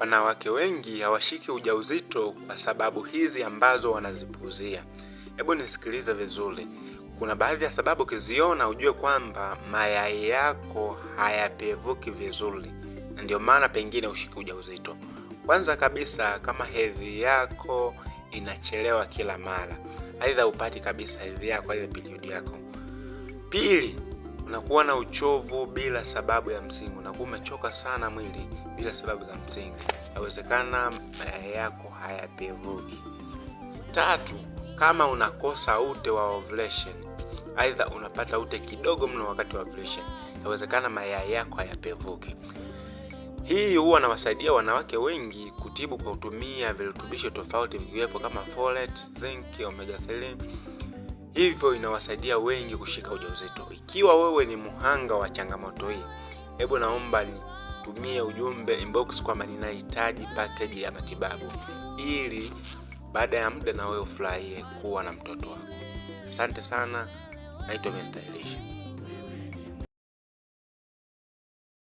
Wanawake wengi hawashiki ujauzito kwa sababu hizi ambazo wanazipuuzia. Hebu nisikilize vizuri, kuna baadhi ya sababu ukiziona ujue kwamba mayai yako hayapevuki vizuri, na ndio maana pengine ushiki ujauzito. Kwanza kabisa, kama hedhi yako inachelewa kila mara, aidha upati kabisa hedhi yako, aidha period yako. Pili, unakuwa na uchovu bila sababu ya msingi, unakuwa umechoka sana mwili bila sababu za msingi, inawezekana mayai yako hayapevuki. Tatu, kama unakosa ute wa ovulation, aidha unapata ute kidogo mno wakati wa ovulation, inawezekana mayai yako hayapevuki. Hii huwa nawasaidia wanawake wengi kutibu kwa kutumia virutubisho tofauti vikiwepo kama folate, zinc, omega 3 hivyo inawasaidia wengi kushika ujauzito. Ikiwa wewe ni mhanga wa changamoto hii, hebu naomba nitumie ujumbe inbox kwamba ninahitaji pakeji ya matibabu, ili baada ya muda na wewe ufurahie kuwa na mtoto wako. Asante sana, naitwa Mr. Elisha.